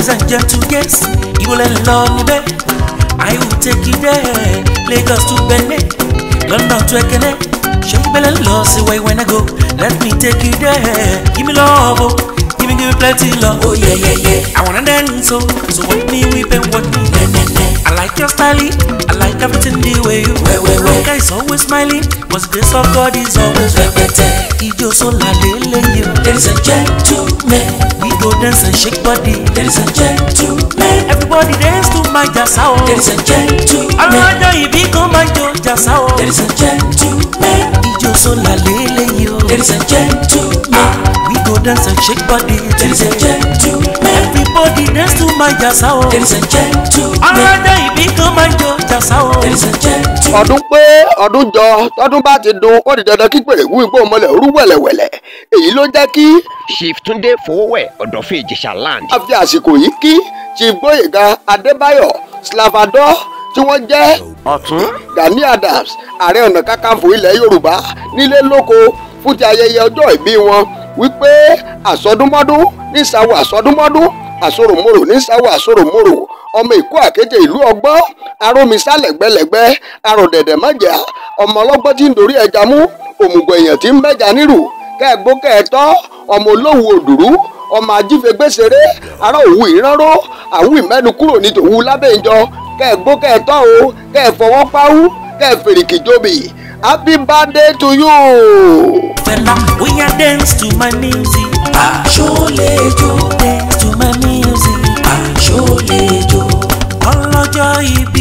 boys and gentles ìwọ lẹ lọ níbẹ̀ I will take you there Lagos to Benin London to Ekene ṣẹ́gbẹ́lẹ́ lọ sí where when I go let me take you there give me love oh. give me give me plenty love oh yeah yeah yeah I wanna dance o oh. so wet me whip and wet me ne ne ne I like your style I like everything the way you wear wear wear guy is always smiling Cause the grace of God is always repeated ijó sólà lélẹ́yìn ladies and gentlemen dance and shake body. There is a gentleman. Everybody dance to my jasa oh. There is a gentleman. Alájọ ìbí kan máa jó jasa o. There is a gentleman. Ijó sólà lélẹ́yìí o. There is a gentleman. We go dance and shake body. There is a gentleman. Everybody dance to my jasa oh. There is a gentleman. Alájọ ìbí kan máa jó jasa o. There is a gentleman ọdún pé ọdún jọ tọdún bá ti dun ó di dandan kí pèrègù igbó mọ́lẹ̀ rú wẹ̀lẹ̀wẹ̀lẹ̀ èyí ló jẹ́ kí. chief túndé fowówẹ̀ ọ̀dọ̀fin ìjẹ̀ṣà land. a fi àsìkò yìí kí chief gbóyèga adébáyọ̀ slavador tí wọ́n jẹ́ ọ̀tún gani adams ààrẹ ọ̀nà kakanfò ilẹ̀ yorùbá nílé lóko fún ti ayẹyẹ ọjọ́ ìbí wọn wípé àsọdúnmọ́dún ní sáwọ́ àsọdúnmọ́dún àsoròmorò ní sáwọ́ àsoròmorò ọmọ ìkó àkété ìlú ọgbọ́ arómisá lẹ́gbẹ́lẹ́gbẹ́ arọ̀dẹ̀dẹ̀ mọ̀jà ọmọ ọlọ́gbọ́n tí ń dorí ẹja mú òmùgọ̀ èèyàn tí ń bẹ́jà nírù kẹ́ẹ̀gbó kẹ́ẹ̀tọ́ ọmọ olówó òdùrú ọmọ ajífẹ́gbẹ́sẹ̀rẹ́ ará òwú ìránró àwọn ìmẹ́nu kúrò ní tòwú lábẹ́ǹjọ kẹ́ẹ̀gbó kẹ́ẹ̀tọ́ o kẹ́ẹ̀fọwọ́ páwú kẹ́ẹ̀fèrèkì jóbi happy birthday to you. When I dance to my music, I surely do dance to my music. sahibi